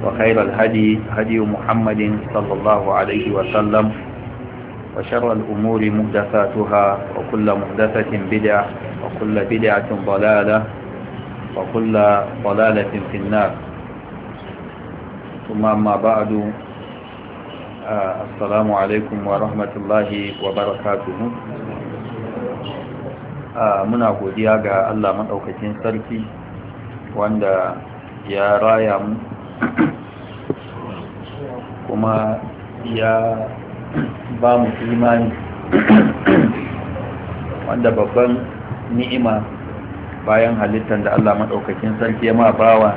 وخير الهدي هدي محمد صلى الله عليه وسلم وشر الأمور مهدفاتها وكل مهدفة بدعة وكل بدعة ضلالة وكل ضلالة في النار ثم أما بعد آه السلام عليكم ورحمة الله وبركاته آه muna godiya ga Allah maɗaukacin sarki wanda ya raya mu kuma ya ba mu imani wanda babban ni'ima bayan halittar da Allah maɗaukakin sarki ya ma bawa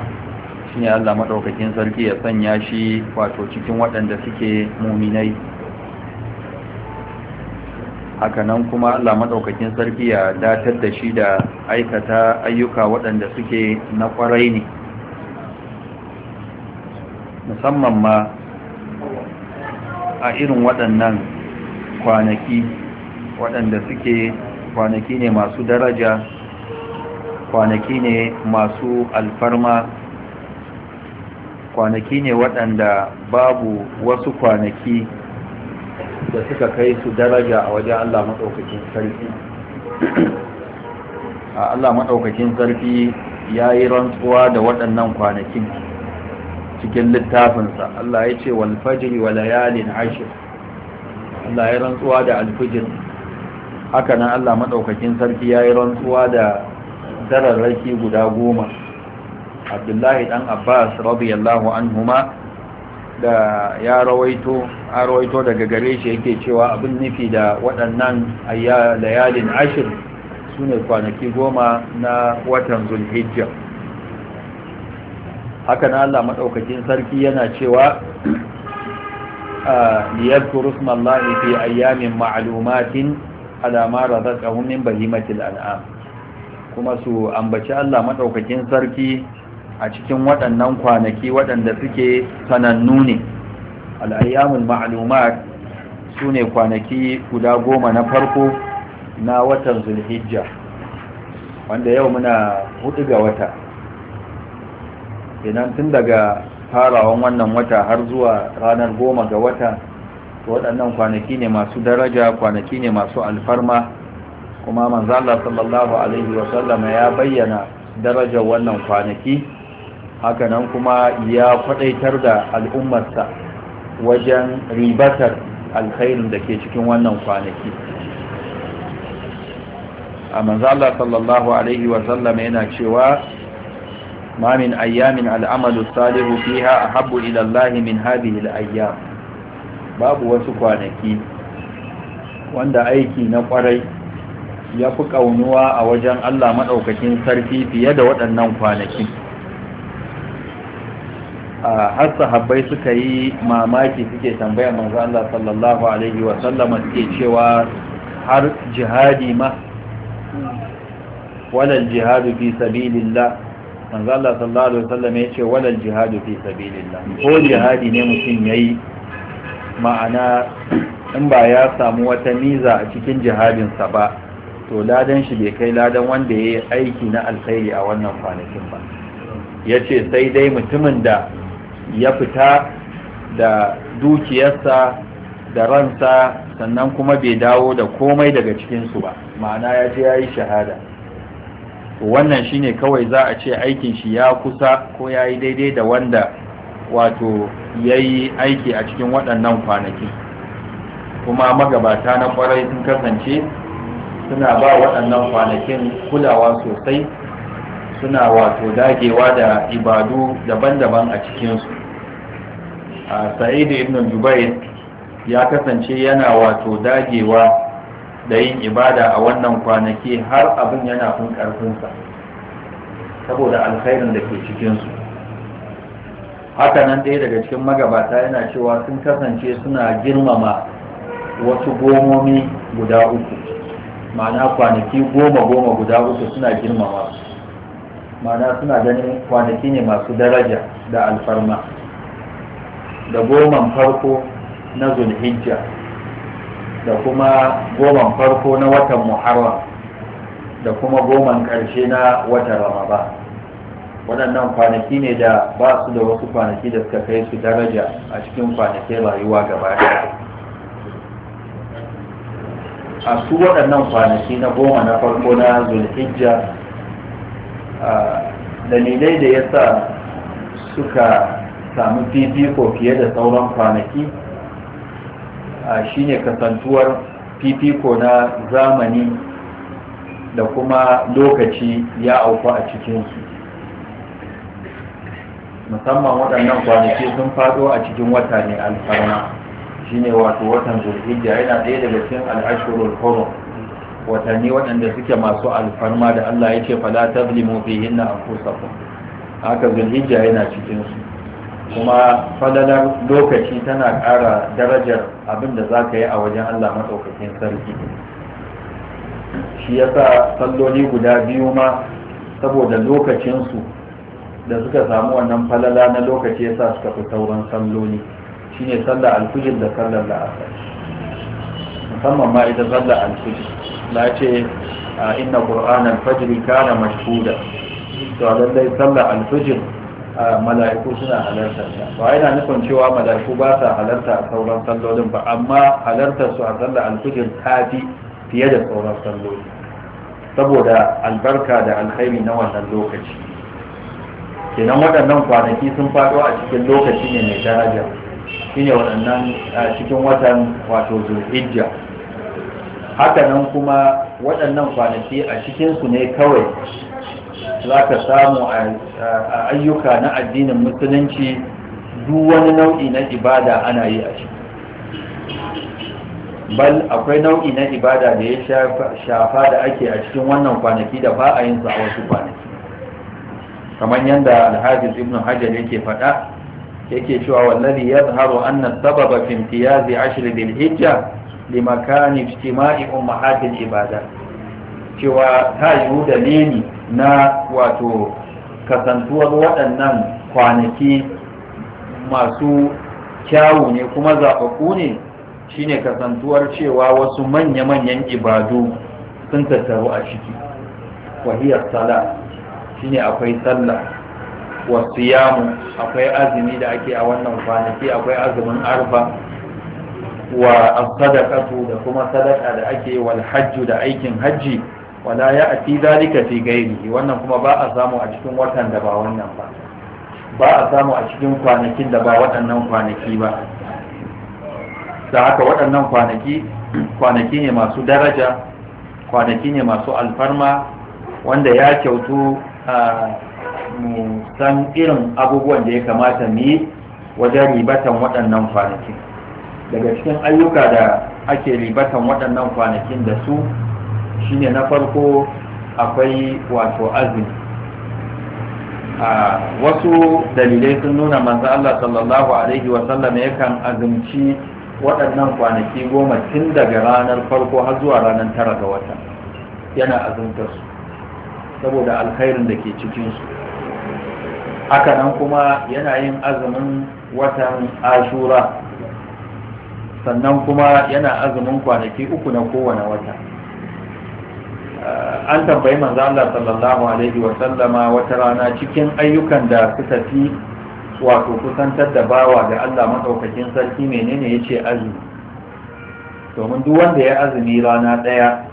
shi ne Allah maɗaukakin sarki ya sanya shi wato cikin waɗanda suke muminai hakanan kuma Allah maɗaukakin sarki ya datar da shi da aikata ayyuka waɗanda suke na ƙwarai ne musamman ma a irin waɗannan kwanaki waɗanda suke kwanaki ne masu daraja kwanaki ne masu alfarma kwanaki ne waɗanda babu wasu kwanaki da suka kai su daraja a wajen Allah maɗaukakin sarki Allah maɗaukakin sarki ya yi rantsuwa da waɗannan kwanakin cikin littafinsa Allah ya ce wal wa layalin ashir Allah ya rantsuwa da alfijir haka nan Allah maɗaukakin sarki ya yi rantsuwa da dararraki guda goma Abdullahi ɗan Abbas radiyallahu anhuma da ya rawaito a rawaito daga gare shi yake cewa abin nufi da waɗannan layalin ashir su ne kwanaki goma na watan zulhijjah haka na Allah maɗaukakin sarki yana cewa ah, liyadkuru smallahi fi ayyamin ma'lumatin ala ma razaqahum min bahimatil kuma su ambaci Allah maɗaukakin sarki a cikin waɗannan kwanaki waɗanda suke sanannu ne al'ayyamun ma'alumat su ne kwanaki guda goma na farko na watan zulhijja wanda yau muna hudu ga wata kenan tun daga farawan wannan wata har zuwa ranar goma ga wata waɗannan kwanaki ne masu daraja kwanaki ne masu alfarma kuma manzala sallallahu alaihi wasallama ya bayyana darajar wannan kwanaki hakanan kuma ya kwadaitar da al'ummarsa wajen ribatar alkhairin da ke cikin wannan kwanaki a manzala sallallahu alaihi wasallama yana cewa ما من أيام العمل الصالح فيها min إلى الله من هذه Babu wasu kwanaki. wanda aiki na kwarai ya fi ƙaunuwa a wajen Allah maɗaukakin sarki fiye da waɗannan kwanaki a har sahabbai suka yi mamaki suke tambaya manzo Allah sallallahu alaihi wa sallama suke cewa har jihadi ma walal jihadu fi sabilillah manzo Allah sallallahu alaihi wasallam ya ce walal jihadu fi sabilillah ko jihadi ne mutum yayi ma'ana in ba ya samu wata miza a cikin jihadin sa ba to ladan shi bai kai ladan wanda yayi aiki na alkhairi a wannan kwanakin ba yace sai dai mutumin da ya fita da dukiyarsa da ransa sannan kuma bai dawo da komai daga cikin su ba ma'ana ya je ya shahada wannan shine kawai za a ce aikin shi ya kusa ko ya yi daidai da wanda wato ya yi aiki a cikin waɗannan kwanaki kuma magabata na ƙwarai sun kasance suna ba waɗannan kwanakin kulawa sosai suna wato dagewa da ibadu daban-daban a cikinsu a sa'idu ibn jubair ya kasance yana wato dagewa da yin ibada a wannan kwanaki har abin yana fin ƙarfinsa saboda alkhairin da ke cikinsu nan ɗaya daga cikin magabata yana cewa sun kasance suna girmama wasu gomomi guda uku ma'ana kwanaki goma goma guda uku suna girmama ma'ana suna ganin kwanaki ne masu daraja da alfarma da goman farko na zulhijja da kuma goman farko na watan muharram da kuma goman ƙarshe na watan ramaba waɗannan kwanaki ne da ba su da wasu kwanaki da suka kai su daraja a cikin kwanakin rayuwa gaba a su waɗannan kwanaki na goma na farko na zulhijja dalilai da ya sa suka samu fifiko fiye da sauran kwanaki shi ne kasantuwar fifiko na zamani da kuma lokaci ya auku a cikinsu musamman waɗannan kwanaki sun faɗo a cikin wata ne alfarma ne wato watan zurfijiya yana ɗaya daga cikin al'ashurul hurum watanni waɗanda suke masu alfarma da Allah ya ce yake hinna a kusa anfusakum haka zurfijiya yana cikinsu. kuma falalar lokaci tana ƙara darajar abin da za ka yi a wajen Allah matsaukakin sarki shi ya sa salloli guda biyu ma saboda lokacinsu da suka samu wannan falala na lokaci ya sa suka fi sauran salloli shi ne sallar alfijir da sallar la'asar musamman ma ita sallar alfijir na ce a inna ƙur'an alfajir kana mashhuda to a lallai sallar alfijir mala'iku suna halarta. ba yana nufin cewa mala'iku ba sa halarta a sauran sallolin ba amma halartar su a sallar alfijir tafi fiye da sauran salloli saboda albarka da alhaimi na wannan lokaci kenan waɗannan kwanaki sun faɗo a cikin lokaci ne mai daraja shine waɗannan cikin watan wato zulhijja haka nan kuma waɗannan kwanaki a cikinsu ne kawai za ka samu a ayyuka na addinin musulunci duk wani nau'i na ibada ana yi a ciki bal akwai nau'i na ibada da ya shafa da ake a cikin wannan kwanaki da ba a yin su a wasu kwanaki kamar yadda alhajiz ibn hajar yake faɗa yake cewa wallazi yazharu anna sababa fi imtiyazi ashr bil hijja limakani ijtima'i ummahatil ibadat cewa ta yiwu dalili na wato kasantuwar waɗannan kwanaki masu kyawu ne kuma zaɓaɓɓu ne shine kasantuwar cewa wasu manya-manyan ibadu sun tattaru a ciki wahiyar sala shine akwai sallah wasu yamu akwai azumi da ake a wannan kwanaki akwai azumin arba, wa sadaqatu da kuma sadaka da ake wal hajju da aikin hajji wala ya ati zalika fi gairi wannan kuma ba a samu a cikin watan da ba wannan ba ba a samu a cikin kwanakin da ba waɗannan kwanaki ba da haka waɗannan kwanaki kwanaki ne masu daraja kwanaki ne masu alfarma wanda ya kyautu a mu san irin abubuwan da ya kamata mu yi wajen ribatan waɗannan kwanakin daga cikin ayyuka da ake ribatan waɗannan kwanakin da su shine na farko akwai wato azumi a wasu dalilai sun nuna manzo Allah sallallahu alaihi wa sallam yakan azumci waɗannan kwanaki goma tun daga ranar farko har zuwa ranar tara ga wata yana azumtar su saboda alkhairin da ke cikin su haka nan kuma yana yin azumin watan ashura sannan kuma yana azumin kwanaki uku na kowane wata an tambayi manzo Allah sallallahu alaihi wa sallama wata rana cikin ayyukan da suka fi wato kusantar da bawa da Allah madaukakin sarki menene yace azumi domin duk wanda ya azumi rana daya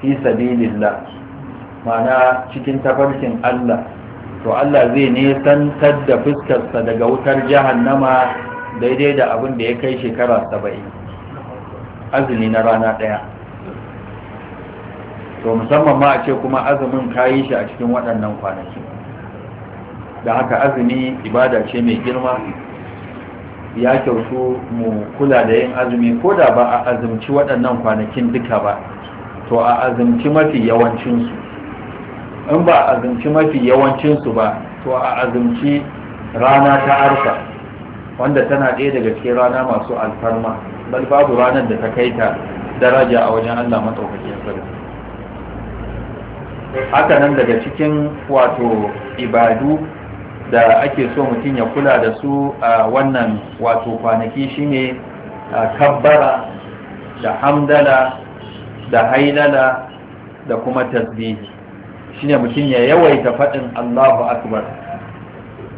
fi sabilillah mana cikin tafarkin Allah to Allah zai ne santar da fuskarsa daga wutar jahannama daidai da abin da ya kai shekara 70 azumi na rana daya to musamman ma a ce kuma azumin kayi shi a cikin waɗannan kwanaki da haka azumi ibada ce mai girma ya kyautu mu kula da yin azumi ko da ba a azumci waɗannan kwanakin duka ba to a azumci mafi yawancinsu in ba a azumci mafi yawancinsu ba to a azumci rana ta arfa wanda tana ɗaya daga cikin rana masu alfarma bal babu ranar da ta kai ta daraja a wajen allah matsaukakin sarki haka nan daga cikin wato ibadu da ake so mutum ya kula da su a wannan wato kwanaki shine kabbara da hamdala da hailala da kuma tasbihi shine mutum ya yawaita faɗin Allahu akbar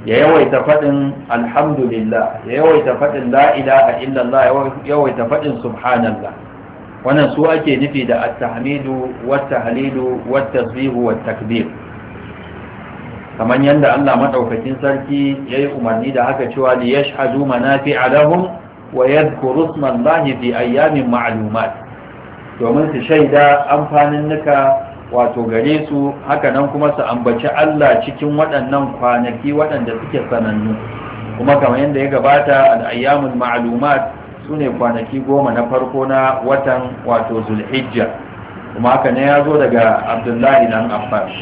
ya yawaita faɗin alhamdulillah ya yawaita faɗin la ilaha illallah ya yawaita faɗin subhanallah wannan su ake nufi da at-tahmidu wat-tahlilu wat-tasbihu wat-takbir kamar yanda Allah madaukakin sarki yayi umarni da haka cewa li yashhadu manafi'a lahum wa yadhkuru isma Allahi fi ayyamin ma'lumat domin su shaida amfanin nuka wato gare su haka nan kuma su ambaci Allah cikin waɗannan kwanaki waɗanda suke sanannu kuma kamar yanda ya gabata al-ayyamul ma'lumat su ne kwanaki goma na farko na watan wato zulhijja kuma haka ne ya zo daga abdullahi dan abbas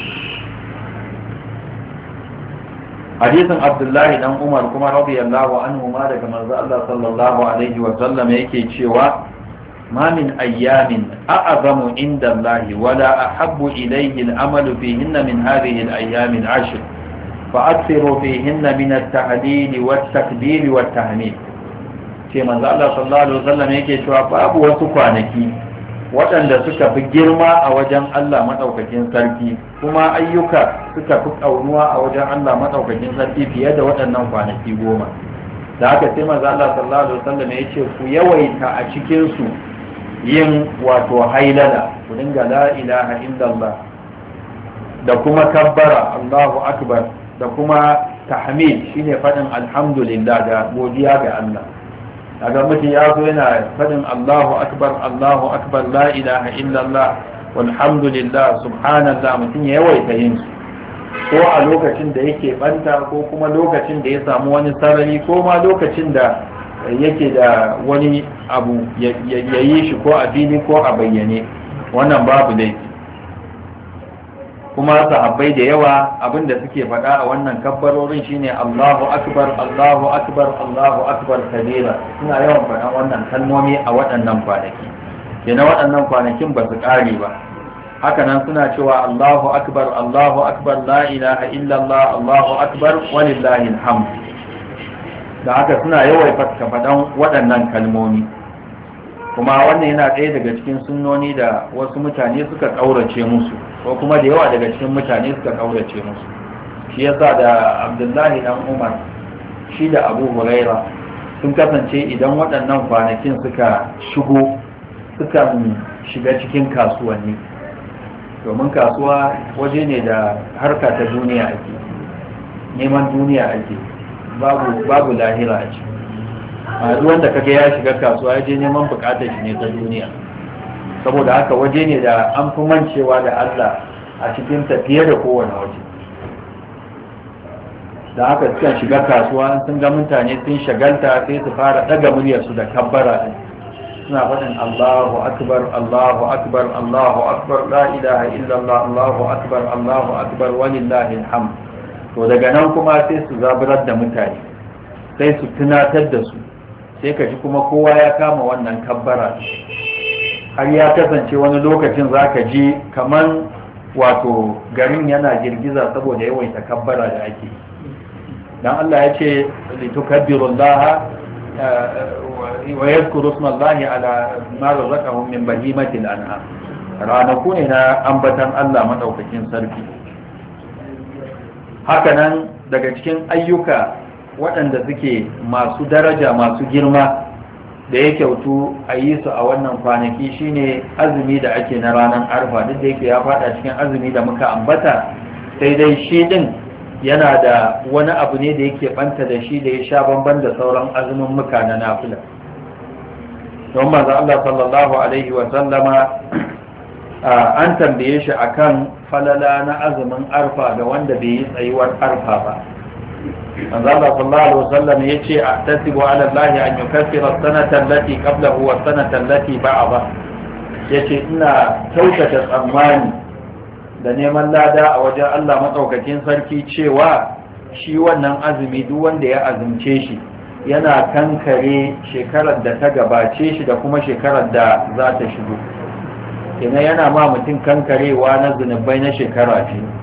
hadisin abdullahi dan umar kuma radiyallahu anhu ma daga manzo Allah sallallahu alaihi wa sallam yake cewa ma min ayyamin a'azamu inda Allah wala ahabbu ilayhi al-amalu fihinna min hadhihi al-ayyam al-ashr fa'athiru fihinna min at-tahlil wat-takbir wat-tahmid ce manzo Allah sallallahu alaihi wasallam yake cewa babu wasu kwanaki waɗanda suka fi girma a wajen Allah maɗaukakin sarki kuma ayyuka suka fi ƙaunuwa a wajen Allah maɗaukakin sarki fiye da waɗannan kwanaki goma da aka sai maza Allah sallallahu alaihi wasallam ya ce ku yawaita a cikin su yin wato hailala ku dinga la ilaha illallah da kuma kabbara Allahu akbar da kuma tahmid shine faɗin alhamdulillah da godiya ga Allah kaga mutum ya zo yana faɗin Allahu akbar Allahu akbar la ilaha illallah walhamdulillah subhanallah mutum ya yawaita yin su ko a lokacin da yake banta ko kuma lokacin da ya samu wani sarari ko ma lokacin da yake da wani abu ya yi shi ko a fili ko a bayyane wannan babu laifi kuma sahabbai da yawa abinda suke faɗa a wannan kabbarorin shine Allahu akbar Allahu akbar Allahu akbar kabira suna yawan faɗa wannan kalmomi a waɗannan kwanaki kenan waɗannan kwanakin ba su ƙare ba haka nan suna cewa Allahu akbar Allahu akbar la ilaha illallah Allahu akbar Walillahil hamd, da haka suna yawan faɗan waɗannan kalmomi kuma wannan yana ɗaya daga cikin sunnoni da wasu mutane suka ƙaurace musu ko kuma da yawa daga cikin mutane suka ƙaurace musu shi yasa da abdullahi dan umar shi da abu huraira sun kasance idan waɗannan kwanakin suka shigo suka shiga cikin kasuwanni domin kasuwa waje ne da harka ta duniya ake neman duniya ake babu lahira a ciki a wanda kake ya shiga kasuwa ya je neman bukatar shi ne ta duniya saboda haka waje ne da an fi mancewa da Allah a cikin tafiye da kowane waje da haka sukan shiga kasuwa sun ga mutane sun shagalta sai su fara daga muryarsu da kabbara din suna faɗin Allahu akbar Allahu akbar Allahu akbar la ilaha illallah Allahu akbar Allahu akbar walillahi alhamd to daga nan kuma sai su zaburar da mutane sai su tunatar da su sai ka ji kuma kowa ya kama wannan kabbara har ya kasance wani lokacin za ka ji kamar wato garin yana girgiza saboda yawan kabbara da ake dan Allah ya ce litukabbirullaha eh, eh, wa yadhkuru ala ma razaqahum min ranaku ne na ambatan Allah madaukakin sarki hakanan daga cikin ayyuka waɗanda suke masu daraja masu girma da ya kyautu a yi su a wannan kwanaki shine azumi da ake na ranar arfa duk da yake ya fada cikin azumi da muka ambata sai dai shi din yana da wani abu ne da yake ɓanta da shi da ya sha bamban da sauran azumin muka na nafila don manzo Allah sallallahu alaihi wa sallama an tambaye shi akan falala na azumin arfa da wanda bai yi tsayuwar arfa ba manzo sallallahu alaihi wasallam yace a'tasibu ala Allah an yukaffira sanata allati qablahu wa sanata ba. ba'da yace ina kyautata tsammani da neman lada a wajen Allah matsaukacin sarki cewa shi wannan azumi duk wanda ya azumce shi yana kankare shekarar da ta gabace shi da kuma shekarar da za ta shigo kenan yana ma mutum kankarewa na zunubai na shekara ce.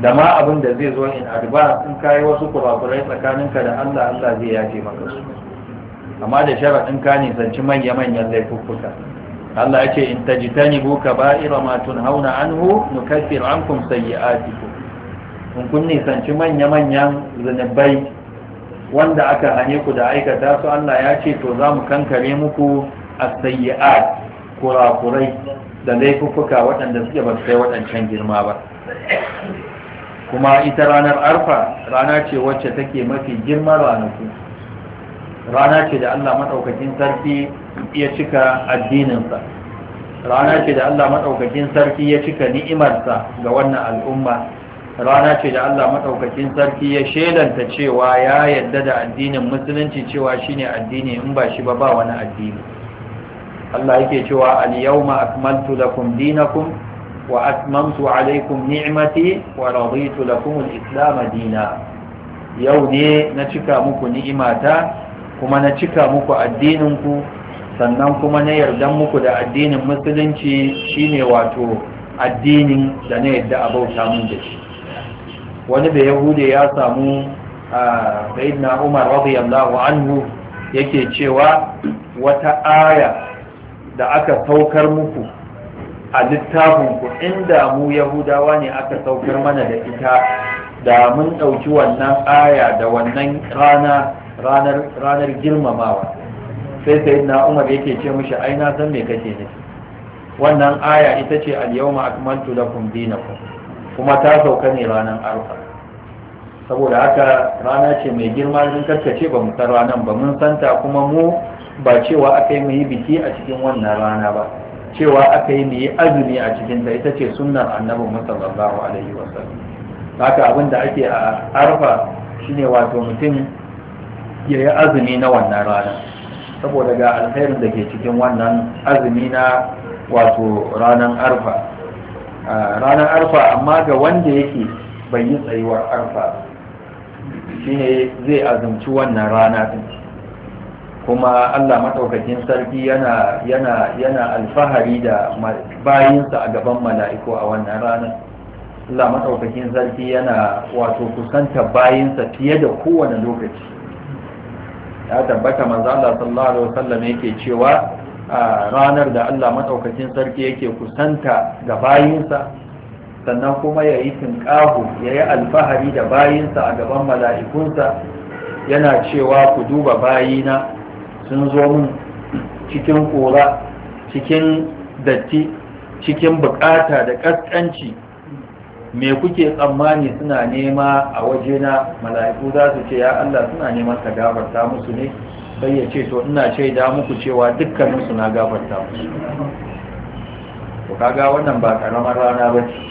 da ma abin da zai zo in advance in kayi wasu kurakurai tsakaninka da Allah Allah zai yafe maka su amma da sharaɗin ka nisanci manya-manyan laifuffuka Allah ya ce in tajitani bu ka ba'ira ma tunhauna anhu nukaffir ankum sayyi'atikum in kun nisanci manya-manyan zunubai wanda aka hane ku da aikata su Allah ya ce to za mu kankare muku sayi kurakurai da laifuffuka waɗanda suke ba kai waɗancan girma ba kuma ita ranar arfa rana ce wacce take mafi girman ranaku rana ce da Allah maɗaukakin sarki ya cika addininsa rana ce da Allah maɗaukakin sarki ya cika ni'imarsa ga wannan al'umma rana ce da Allah maɗaukakin sarki ya shaidanta cewa ya yadda da addinin musulunci cewa shine addini in ba shi ba ba wani addini Allah yake cewa al yawma akmaltu lakum dinakum وأتممت عليكم نعمتي ورضيت لكم الإسلام دينا يوني نشكى مكو نعمتا كما نشكى مكو أدينكو sannan kuma na yardan muku da addinin musulunci shine wato addinin da na yadda a bauta mun da shi wani da yahude ya samu a sayyidina umar radiyallahu anhu yake cewa wata aya da aka saukar muku a littafinku inda mu yahudawa ne aka saukar mana da ita da mun ɗauki wannan aya da wannan rana ranar ranar girmamawa sai sai na umar yake ce mishi ai na san me kake ne wannan aya ita ce al-yawma akmaltu lakum dinakum kuma ta sauka ne ranar arfa saboda haka rana ce mai girma sun karkace ba mu san ranar ba mun santa kuma mu ba cewa aka mu yi biki a cikin wannan rana ba cewa aka yi mai azumi a cikin ta ita ce sunnar annabi sallallahu alaihi wasallam haka abin da ake a arfa shine wato mutum ya yi azumi na wannan rana saboda ga alkhairin da ke cikin wannan azumi na wato ranan arfa ranar arfa amma ga wanda yake bai yi tsayuwar arfa shine zai azumci wannan rana din kuma Allah maɗaukakin sarki yana yana yana alfahari da bayinsa a gaban mala'iku a wannan ranar Allah maɗaukakin sarki yana wato kusanta bayinsa fiye da kowane lokaci ya tabbata manzo Allah sallallahu alaihi wasallam yake cewa a ranar da Allah maɗaukakin sarki yake kusanta ga bayinsa sannan kuma ya yi yayi ya yi alfahari da bayinsa a gaban mala'ikunsa yana cewa ku duba bayina sun zo min cikin kora cikin datti cikin bukata da kaskanci me kuke tsammani suna nema a wajena mala'iku za su ce ya Allah suna neman ka gafarta musu ne sai ya ce to ina shaida muku cewa dukkaninsu na gafarta musu to kaga wannan ba karamar rana ba ce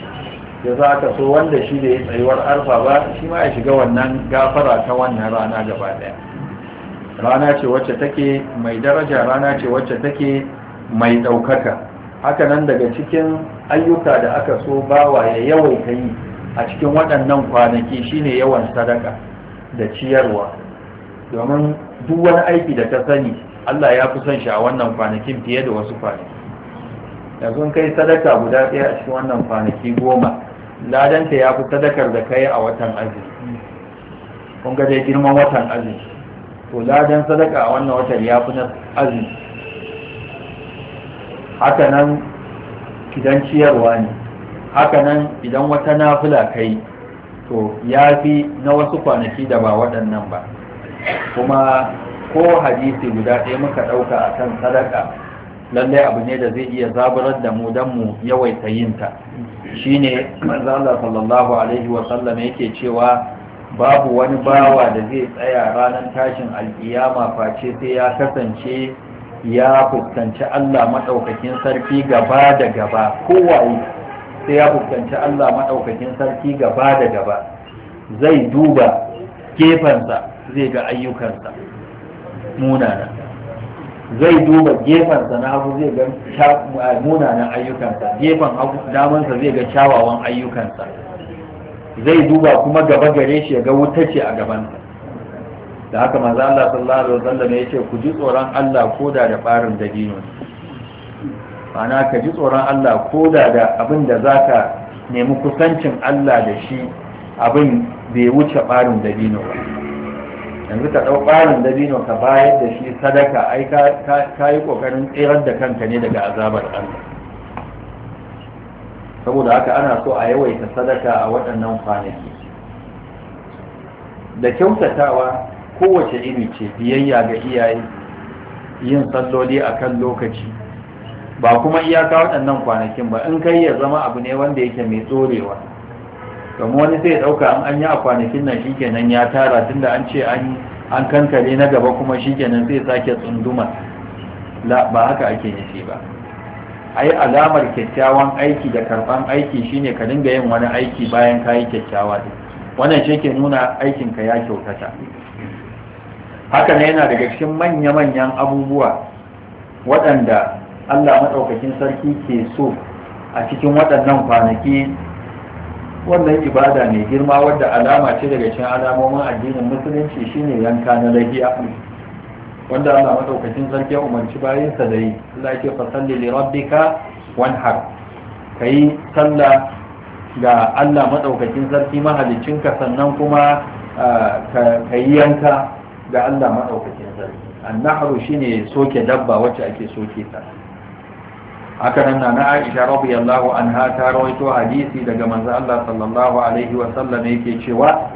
ya za ka so wanda shi da ya tsayuwar arfa ba shi ma ya shiga wannan gafara ta wannan rana gaba ɗaya. rana ce wacce take mai daraja rana ce wacce take mai ɗaukaka haka nan daga cikin ayyuka da aka so bawa ya yawaita yi a cikin waɗannan kwanaki shine yawan sadaka da ciyarwa domin duk wani aiki da ta sani Allah ya fi son shi a wannan kwanakin fiye da wasu kwanaki yanzu kai sadaka guda ɗaya a cikin wannan kwanaki goma ladanta ya fi sadakar da kai a watan azumi kun ga dai girman watan azumi to ladan sadaka a wannan watan ya fi na azumi haka nan idan ciyarwa ne haka nan idan wata nafila kai to ya fi na wasu kwanaki da ba waɗannan ba kuma ko hadisi guda ɗaya muka ɗauka a kan sadaka lallai abu ne da zai iya zaburar da mu don mu yawaita yinta shine manzo Allah sallallahu alaihi wa sallam yake cewa babu wani bawa da zai tsaya ranar tashin alkiyama face sai ya kasance ya fuskanci Allah maɗaukakin sarki gaba da gaba kowaye sai ya fuskanci Allah maɗaukakin sarki gaba da gaba zai duba gefensa zai ga ayyukansa munana zai duba gefensa na hagu zai ga munanan ayyukansa gefen damansa zai ga kyawawan ayyukansa zai duba kuma gaba gare shi ya ga wuta ce a gabansa da haka manzo Allah sallallahu alaihi wasallam ya ce ku ji tsoron Allah koda da barin dabino ana ka ji tsoron Allah ko da abin da zaka nemi kusancin Allah da shi abin bai wuce barin dabino ba yanzu ka dau barin dabino ka bayar da shi sadaka ai ka yi kokarin tsirar da kanka ne daga azabar Allah saboda haka ana so a yawaita sadaka a waɗannan kwanaki da kyautatawa kowace iri ce biyayya ga iyaye yin salloli a kan lokaci ba kuma iyaka waɗannan kwanakin ba in kai ya zama abu ne wanda yake mai tsorewa Kamu wani sai ɗauka an yi a kwanakin nan shi kenan ya tara tun da an ce an kankare na gaba kuma shi kenan sai sake tsunduma ba haka ake nufi ba ai alamar kyakkyawan aiki da karban aiki shine ka dinga yin wani aiki bayan ka yi kyakkyawa din wannan shi ke nuna aikinka ya kyautata haka ne yana daga cikin manya-manyan abubuwa waɗanda allah maɗaukakin sarki ke so a cikin waɗannan kwanaki wannan ibada mai girma wadda alama ce daga cikin alamomin addinin musulunci shine yanka na lahiya wanda Allah madaukakin sarki ya umarci bayin sa da yi Allah yake fa salli li rabbika wanhar kai salla ga Allah madaukakin sarki mahalicin ka sannan kuma ka yi yanka ga Allah madaukakin sarki annahru shine soke dabba wacce ake soke ta haka nan na Aisha radiyallahu anha ta rawaito hadisi daga manzo Allah sallallahu alaihi wa sallam yake cewa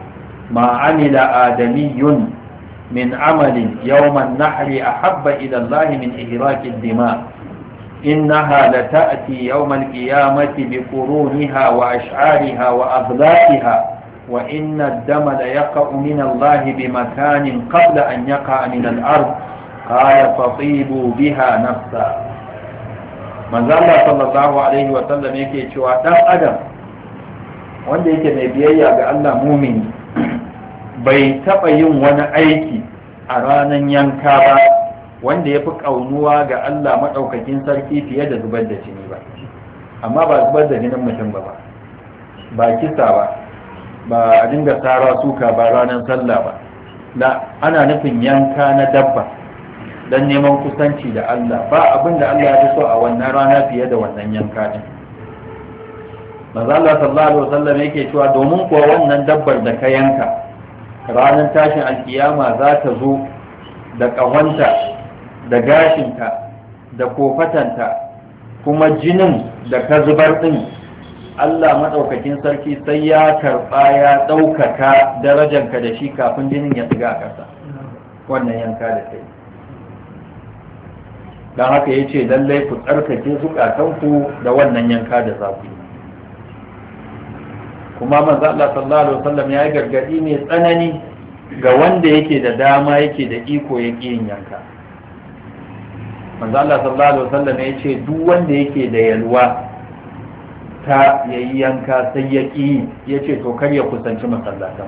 ma amila adamiyun من عمل يوم النحر أحب إلى الله من إهراك الدماء إنها لتأتي يوم القيامة بقرونها وأشعارها وأغلاقها وإن الدم ليقع من الله بمكان قبل أن يقع من الأرض قال فطيبوا بها نفسا من ذا صلى الله عليه وسلم يكي شواء دم أدم wanda yake mai biyayya ga Allah mumini bai taɓa yin wani aiki a ranar yanka ba wanda ya fi ƙaunuwa ga Allah maɗaukakin sarki fiye da zubar da jini ba amma ba zubar da jinin mutum ba ba kisa ba ba a dinga tsara suka ba ranar sallah ba na ana nufin yanka na dabba don neman kusanci da Allah ba abin da Allah ya fi so a wannan rana fiye da wannan yanka din maza Allah sallallahu alaihi wasallam yake cewa domin kuwa wannan dabbar da ka yanka ranar tashin alkiyama za ta zo da ƙahonta da gashinta da kofatanta kuma jinin da ka zubar ɗin Allah maɗaukakin sarki sai ya karɓa ya ɗaukaka darajanka da shi kafin jinin ya tsiga a ƙasa wannan yanka da kai don haka ya ce lallai ku tsarkake zukatanku da wannan yanka da za kuma manzo Allah sallallahu alaihi wasallam ya yi gargadi mai tsanani ga wanda yake da dama yake da iko ya yin yanka manzo Allah sallallahu alaihi wasallam ya ce duk wanda yake da yalwa ta yayi yanka sai ya ƙi ya ce to kar ya kusanci masallatan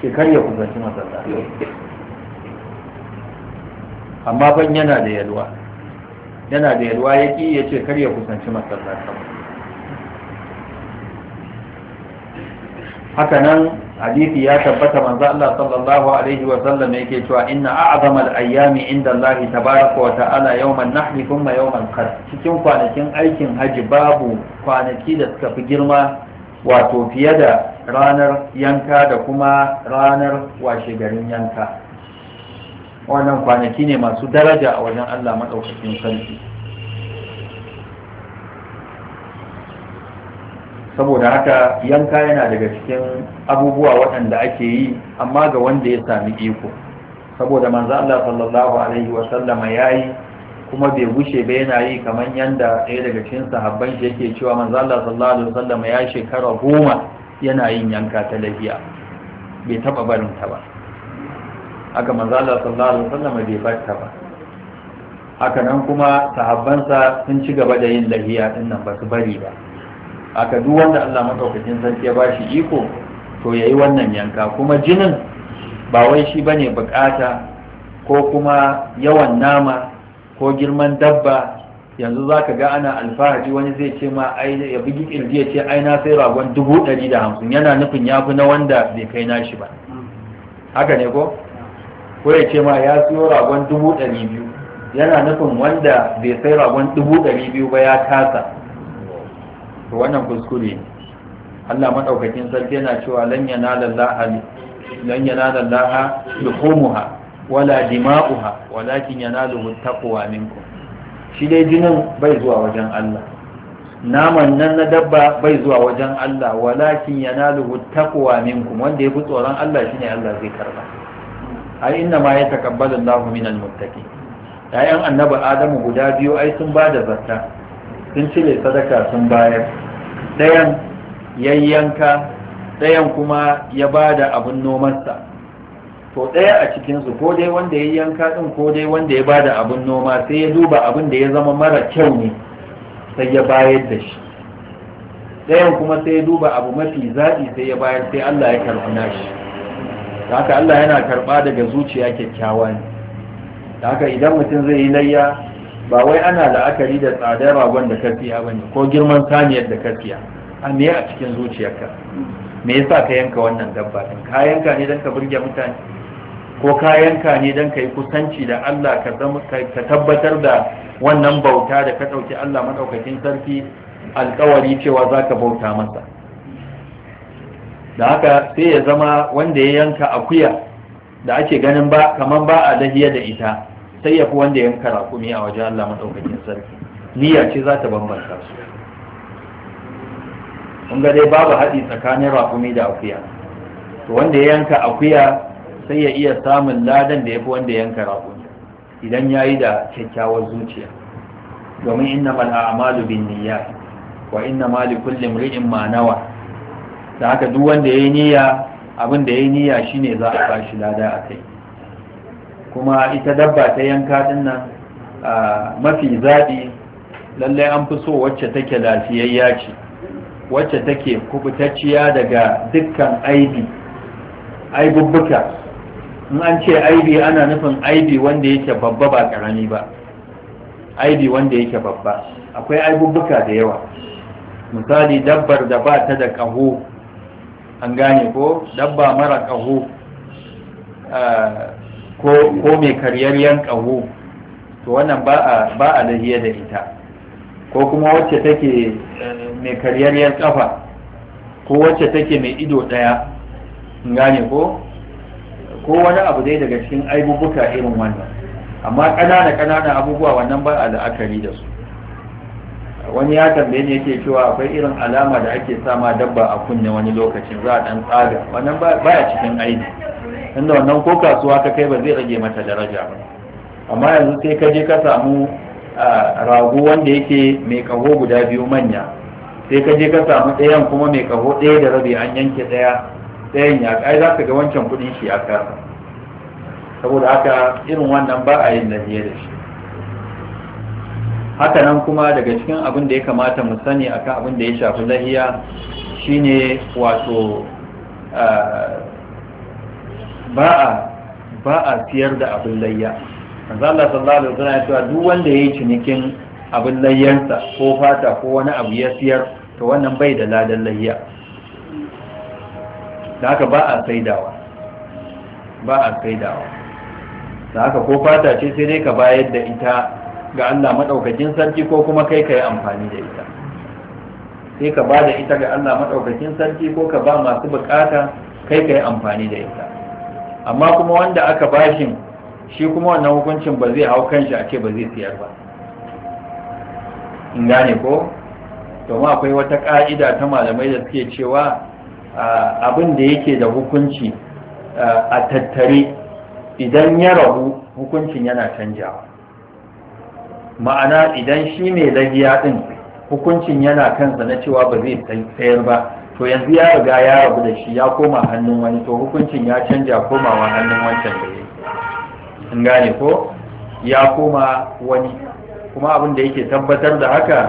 ke kar ya kusanci masallatan amma ban yana da yalwa yana da yalwa ya ƙi ya ce kar ya kusanci masallatan haka nan hadisi ya tabbata manzo Allah sallallahu alaihi wa sallam yake cewa inna a'zamal ayyami inda Allah tabaraka wa ta'ala yawman nahri kuma yawman qad cikin kwanakin aikin haji babu kwanaki da suka fi girma wato fiye da ranar yanka da kuma ranar washe garin yanka wannan kwanaki ne masu daraja a wajen Allah madaukakin sarki saboda haka yanka yana daga cikin abubuwa waɗanda ake yi amma ga wanda ya sami iko saboda manzo Allah sallallahu alaihi wa sallama yayi kuma bai gushe ba yana yi kamar yanda ɗaya daga cikin sahabban shi yake cewa manzo Allah sallallahu alaihi wa sallama ya shekara goma yana yin yanka ta lafiya bai taba barin ta ba haka manzo Allah sallallahu alaihi wa sallama bai bar ta ba haka nan kuma sahabbansa sun ci gaba da yin lafiya din nan ba su bari ba aka duk wanda Allah madaukakin sarki ya bashi iko to yayi wannan yanka kuma jinin ba wai shi bane bukata ko kuma yawan nama ko girman dabba yanzu zaka ga ana alfahari wani zai ce ma ai ya bugi kirji ya ce ai na sai ragon dubu ɗari da hamsin yana nufin ya fi na wanda bai kai nashi ba haka ne ko ko ya ce ma ya siyo ragon dubu ɗari biyu yana nufin wanda bai sai ragon dubu ɗari biyu ba ya kasa to wannan kuskure Allah madaukakin sarki yana cewa lan yanala Allah lan yanala luhumuha wala dima'uha walakin yanaluhu taqwa minkum shi dai jinin bai zuwa wajen Allah naman nan na dabba bai zuwa wajen Allah walakin yanaluhu taqwa minkum wanda yafi tsoron Allah shine Allah zai karba ai inna ma yatakabbalu Allahu minal muttaqin ayan annabi Adamu guda biyu ai sun bada zakka sun cire sadaka sun bayar ɗayan yayyanka ɗayan kuma ya ba da abin nomansa to ɗaya a cikinsu ko dai wanda ya yanka ɗin ko dai wanda ya ba da abin noma sai ya duba abin da ya zama mara kyau ne sai ya bayar da shi ɗayan kuma sai ya duba abu mafi zaɓi sai ya bayar sai Allah ya karɓi nashi da haka Allah yana karɓa daga zuciya kyakkyawa ne da haka idan mutum zai yi layya ba wai ana la'akari da tsadar ragon da kafiya ba ne ko girman saniyar da kafiya a me a cikin zuciyarka me yasa ka yanka wannan dabba din ka yanka ne don ka burge mutane ko ka yanka ne don ka yi kusanci da Allah ka tabbatar da wannan bauta da ka ɗauki Allah maɗaukakin sarki alkawari cewa za ka bauta masa da haka sai ya zama wanda ya yanka akuya da ake ganin ba kamar ba a lahiya da ita sai ya fi wanda yanka rakumi a wajen Allah maɗaukakin sarki niyya ce za ta bambanta su kun ga dai babu haɗi tsakanin rakumi da akuya to wanda ya yanka akuya sai ya iya samun ladan da ya fi wanda yanka rakumi idan ya yi da kyakkyawar zuciya domin inna mal a'malu bin niyya wa inna ma li kulli imri'in ma nawa da haka duk wanda yayi niyya abin da yayi niyya shine za a bashi lada akai kuma ita dabba ta yanka din nan mafi zaɓi lallai an fi so wacce take lafiyayya ce wacce take kubutacciya daga dukkan aibi aibubbuka in an ce aibi ana nufin aibi wanda yake babba ba karami ba aibi wanda yake babba akwai aibubbuka da yawa misali dabbar da ba ta da ƙaho an gane ko dabba mara ƙaho ko mai karyar ƙaho to wannan ba a lahiya da ita ko kuma wacce take eh, mai karyaryen ƙafa ko wacce take mai ido ɗaya gane ko ko wani abu dai daga cikin aibubuka irin wannan amma ƙanana ƙanana abubuwa wannan ba a la'akari da su wani ya tambaye ne yake cewa akwai irin alama da ake sama dabba a kunne wani lokacin za a ɗan tsaga wannan ba ya cikin aini inda wannan ko kasuwa ka kai ba zai rage mata daraja ba amma yanzu sai ka je ka samu rago wanda yake mai kaho guda biyu manya sai ka je ka samu ɗayan kuma mai kaho ɗaya da rabi an yanke ɗaya ɗayan ya ai za ka ga wancan kuɗin shi a kasa saboda haka irin wannan ba a yin lahiya da shi haka nan kuma daga cikin abin da ya kamata mu sani akan abin da ya shafi lahiya shine wato ba a siyar da abin layya manzo Allah sallallahu alaihi wasallam ya ce duk wanda yayi cinikin abin layyansa ko fata ko wani abu ya siyar to wannan bai da ladan layya da haka ba a saidawa ba a saidawa da haka ko fata ce sai dai ka bayar da ita ga Allah madaukakin sarki ko kuma kai ka yi amfani da ita sai ka ba da ita ga Allah madaukakin sarki ko ka ba masu bukata kai ka yi amfani da ita amma kuma wanda aka bashin shi kuma wannan hukuncin ba zai hau kanshi a ce ba zai siyar ba in gane ko domin akwai wata ƙa'ida ta malamai da suke cewa abin da yake da hukunci a tattare idan ya rabu hukuncin yana canjawa ma'ana idan shi ne lagiya din, hukuncin yana kansa na cewa ba zai sayar ba to yanzu ya riga ya rabu da shi ya koma hannun wani to hukuncin ya canja komawa hannun wancan da ya in gane ko ya koma wani kuma abin da yake tabbatar da haka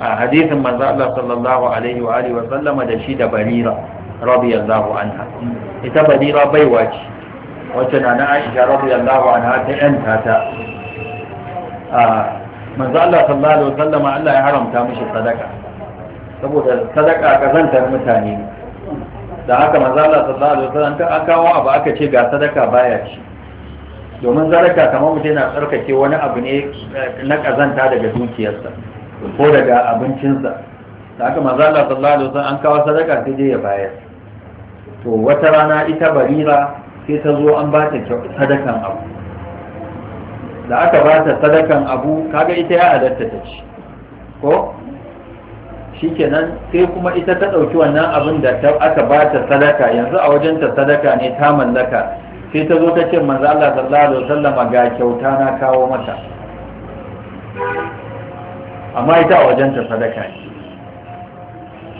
a hadisin manzo Allah sallallahu alaihi wa alihi wa sallama da shi da barira radiyallahu anha ita barira baiwa ce wacce na na Aisha radiyallahu anha ta yanta ta a manzo Allah sallallahu alaihi wa sallama Allah ya haramta mishi sadaka saboda sadaka zantar mutane da haka manzala sallallahu alaihi wasallam ta kawo abu aka ce ga sadaka baya ci domin sadaka kamar mutum yana tsarkake wani abu ne eh, na kazanta daga dukiyarsa ko daga abincinsa da haka manzala sallallahu alaihi wasallam an kawo sadaka sai dai ya bayar to wata rana ita barira sai ta zo an ba ta sadakan abu da aka ba ta sadakan abu kaga ita ya adatta ta ci ko shikenan sai kuma ita ta ɗauki wannan abin da aka ba ta sadaka yanzu a wajen ta sadaka ne ta mallaka sai ta zo ta ce manzo Allah sallallahu alaihi wasallama ga kyauta na kawo mata amma ita a wajen ta sadaka ne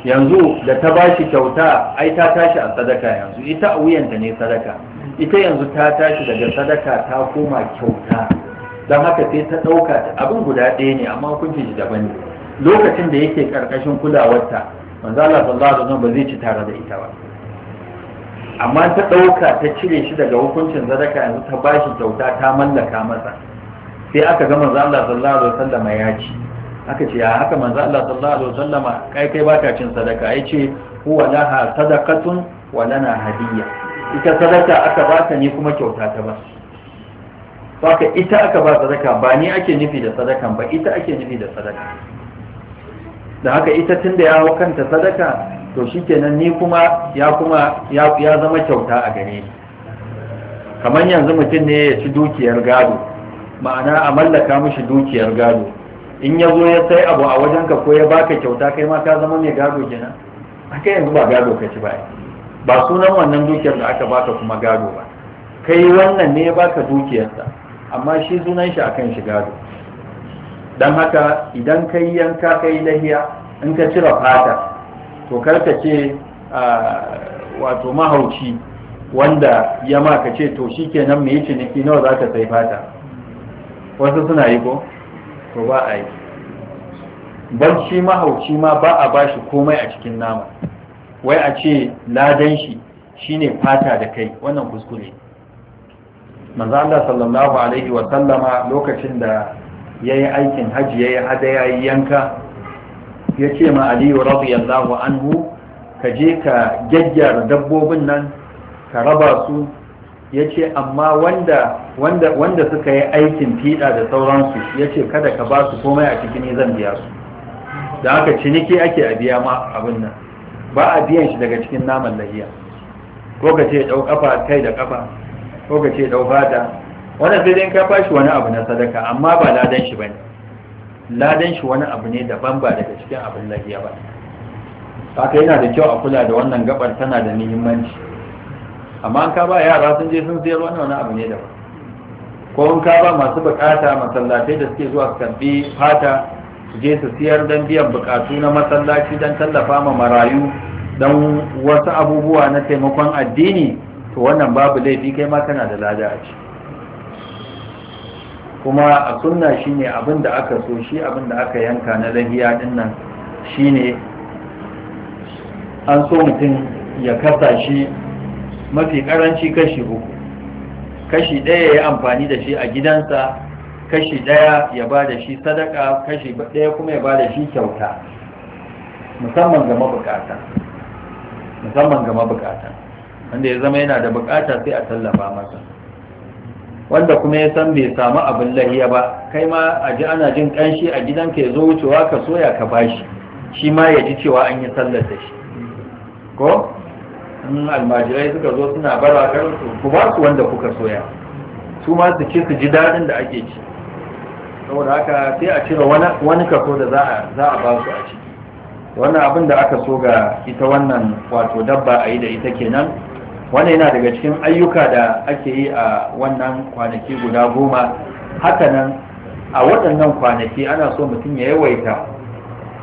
yanzu da ta bashi kyauta ai ta tashi a sadaka yanzu ita a wuyanta ne sadaka ita yanzu ta tashi daga sadaka ta koma kyauta don haka sai ta ɗauka abin guda ɗaya ne amma ji daban ne lokacin da yake karkashin kulawarta manzo Allah sallallahu alaihi wasallam ba zai ci tare da ita ba amma ta dauka ta cire shi daga hukuncin sadaka yanzu ta bashi kyauta ta mallaka masa sai aka ga manzo Allah sallallahu alaihi wasallam ya ci aka ce ya haka manzo Allah sallallahu alaihi wasallam kai kai baka cin sadaka ai ce huwa laha sadaqatun wa lana hadiyya ita sadaka aka ba ta ne kuma kyauta ta ba saka ita aka ba sadaka ba ni ake nufi da sadakan ba ita ake nufi da sadaka da haka ita tun da ya hau kanta sadaka to shi kenan ni kuma ya kuma ya zama kyauta a gare ni kamar yanzu mutum ne ya ci dukiyar gado ma'ana a mallaka mishi dukiyar gado in ya zo ya sai abu a wajenka ko ya baka kyauta kai ma ka zama mai gado kenan haka yanzu ba gado ka ci ba ba sunan wannan dukiyar da aka baka kuma gado ba kai wannan ne ya baka dukiyarsa amma shi sunan shi akan shi gado don haka idan ka yi yanka ka yi lahiya in ka cire fata to karka ce wato mahauci wanda ya maka ce to shi kenan mai ciniki nawa za ka sai fata wasu suna yi ko to ba a yi ban shi mahauci ma ba a bashi komai a cikin nama wai a ce ladan shi shine fata da kai wannan kuskure manzo Allah sallallahu alaihi wa sallama lokacin da ya yi aikin hajji ya yi hadaya ya yanka ya ce ma aliyu radiyallahu anhu ka je ka gyaggyara dabbobin nan ka raba su ya ce amma wanda wanda suka yi aikin fiɗa da sauransu ya ce kada ka ba su komai a cikin zan biya su da aka ciniki ake a biya ma abin nan ba a biyan shi daga cikin naman lahiya ko ka ce ɗau ƙafa kai da ƙafa ko ka ce ɗau fata wannan sai dai ka bashi wani abu na sadaka amma ba ladan shi bane ladan shi wani abu ne daban ba daga cikin abin lahiya ba haka yana da kyau a kula da wannan gabar tana da muhimmanci amma an ka ba yara sun je sun sayar wannan wani abu ne daban ko in ka ba masu bukata masallatai da suke zuwa su karbi fata su je su siyar don biyan bukatu na masallaci don tallafa ma marayu don wasu abubuwa na taimakon addini to wannan babu laifi kai ma kana da lada a ciki kuma a sunna shine abin da aka so shi abin da aka yanka na lahiya din nan ne an so mutum ya kasa shi mafi karanci kashi uku kashi ɗaya ya amfani da shi a gidansa kashi ɗaya ya ba da shi sadaka kashi ɗaya kuma ya ba da shi kyauta musamman ga mabukata musamman ga mabukata wanda ya zama yana da bukata sai a tallafa masa wanda kuma ya san bai samu abin lahiya ba kai ma a ji ana jin kanshi a gidanka ya zo wucewa ka soya ka bashi shi ma ya ji cewa an yi sallar da shi ko in almajirai suka zo suna bara kar ku ba su wanda kuka soya su ma su ci su ji daɗin da ake ci saboda haka sai a cire wani kaso da za a ba su a ciki wannan abin da aka so ga ita wannan wato dabba a yi da ita kenan wannan yana daga cikin ayyuka da ake yi a wannan kwanaki guda goma hakanan a waɗannan kwanaki ana so mutum ya yawaita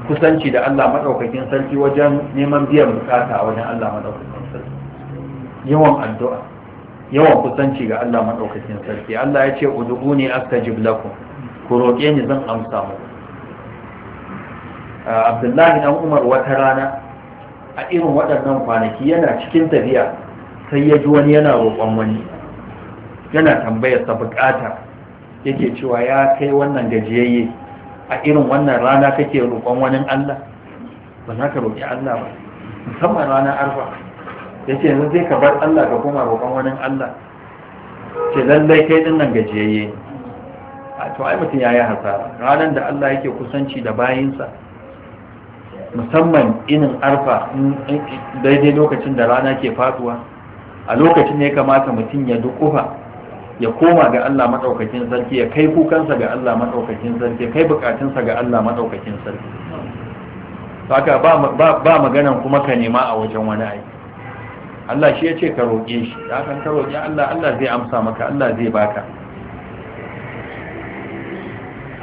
kusanci da Allah maɗaukakin sarki wajen neman biyan bukata a wajen Allah maɗaukakin sarki yawan addu'a yawan kusanci ga Allah maɗaukakin sarki Allah ya ce ne, aka ji bulaku ku roƙe ni zan amsa mu. Ah, Abdullahi dan Umar wata rana a irin waɗannan kwanaki yana cikin tafiya sai ya ji wani yana roƙon wani yana tambayar sa bukata yake cewa ya kai wannan gajiyayye a irin wannan rana kake roƙon wani Allah ba za ka roƙi Allah ba musamman ranar arfa ya ce yanzu zai ka bar Allah ka koma roƙon wani Allah ce lallai kai din nan gajiyayye a to ai mutum ya yi hasara ranar da Allah yake kusanci da bayinsa musamman inin arfa daidai lokacin da rana ke faduwa a lokacin ne kamata mutum ya dukufa ya koma ga Allah maɗaukakin sarki ya kai kukansa ga Allah maɗaukakin sarki ya kai bukatunsa ga Allah maɗaukakin sarki Saka ba maganan kuma ka nema a wajen wani aiki Allah shi ya ce ka roƙe shi da hakan ka roƙe Allah Allah zai amsa maka Allah zai baka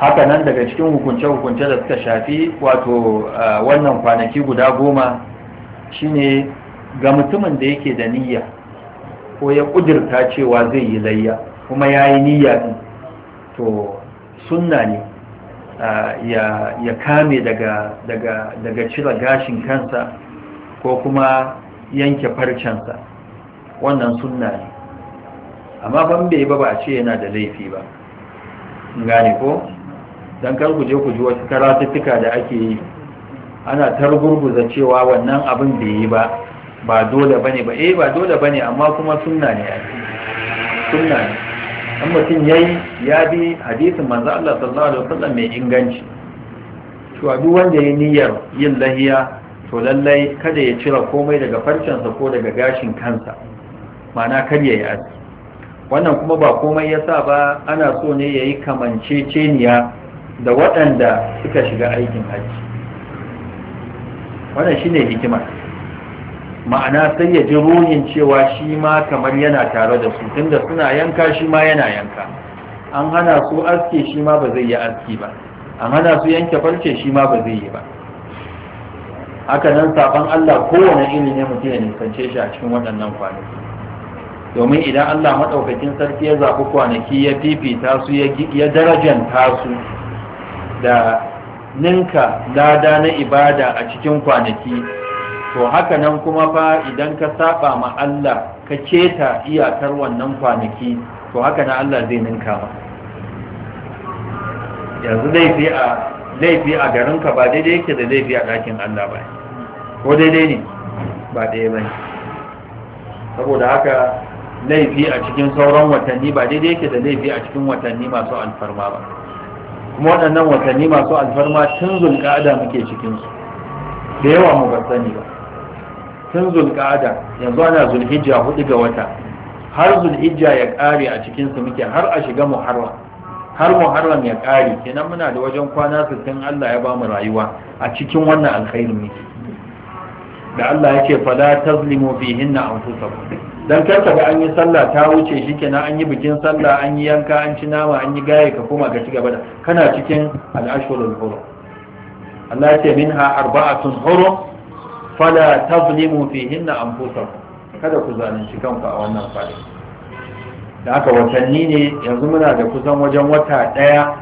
haka nan daga cikin hukunce-hukunce da suka shafi wato wannan kwanaki guda goma shine ga mutumin da yake da niyya ko ya ƙudurta cewa zai yi layya kuma ya yi niyya to sunna ne ya kame daga cire gashin kansa ko kuma yanke farcensa wannan sunna ne amma ban bai ba ba ce yana da laifi ba gane ko don kar ku je ku ji wasu karatuttuka da ake yi ana targurguza cewa wannan abin bai yi ba ba dole ba ne ba eh ba dole ba ne, amma kuma sunna ne sunna ne an mutum yayi ya bi hadisin manzo Allah sallallahu alaihi wasallam mai inganci to duk wanda ya niyyar yin lahiya to lallai kada ya cire komai daga farcensa ko daga gashin kansa mana kar ya yi aski wannan kuma ba komai ya sa ba ana so ne ya yi kamanceceniya da waɗanda suka shiga aikin hajji wannan shine hikima ma'ana sai ya ji ruhin cewa shi ma kamar yana tare da su tunda suna yanka shi ma yana yanka an hana su aske shi ma ba zai yi aski ba an hana su yanke farce shi ma ba zai yi ba haka nan saban Allah kowane ilimi ne mutum ya nisance shi a cikin waɗannan kwanaki domin idan Allah maɗaukakin sarki ya zaɓi kwanaki ya fifita su ya darajanta su da ninka lada na ibada a cikin kwanaki to haka nan kuma fa idan ka saba ma Allah ka keta iyakar wannan kwanaki to haka nan Allah zai ninka ba yanzu laifi a laifi a garinka ba daidai yake da laifi a ɗakin Allah ba ko daidai ne ba ɗaya ba saboda haka laifi a cikin sauran watanni ba daidai yake da laifi a cikin watanni masu alfarma ba kuma waɗannan watanni masu alfarma tun zulƙa'ada muke cikinsu da yawa mu ba sani ba tun zulƙada yanzu ana zulhijja hudu ga wata har zulhijja ya ƙare a cikinsu muke har a shiga muharram har muharram ya ƙare, kenan muna da wajen kwana su 60 Allah ya ba mu rayuwa a cikin wannan alkhairin muke da Allah yake fala tazlimu wasu anfusakum dan karka ga an yi sallah ta wuce shi kenan an yi bikin sallah an yi yanka an ci nama an yi gaye ka koma ka ci gaba da kana cikin al-ashhurul hurum Allah ya ce minha arba'atun hurum fala tazlimu fihinna anfusakum kada ku zalunci kanku a wannan fadin da aka watanni ne yanzu muna da kusan wajen wata daya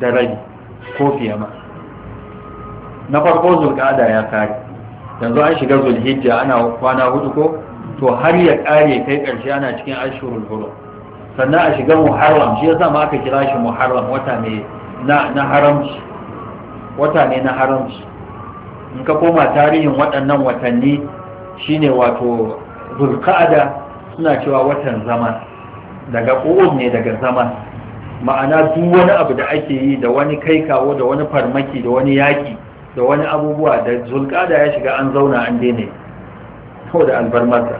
da rabi ko fiye ma na farko zulqa'ada ya kare yanzu an shiga zulhijja ana kwana hudu ko to har ya kare kai karshe ana cikin ashurul hurum sannan a shiga muharram shi yasa ma aka kira shi muharram wata ne na haramci wata ne na haramci in ka koma tarihin waɗannan watanni shine wato zulka'ada suna cewa watan zama daga ƙo'ud ne daga zama ma'ana duk wani abu da ake yi da wani kai kawo da wani farmaki da wani yaƙi da wani abubuwa da zulkada ya shiga an zauna an daina ko da albarmarsa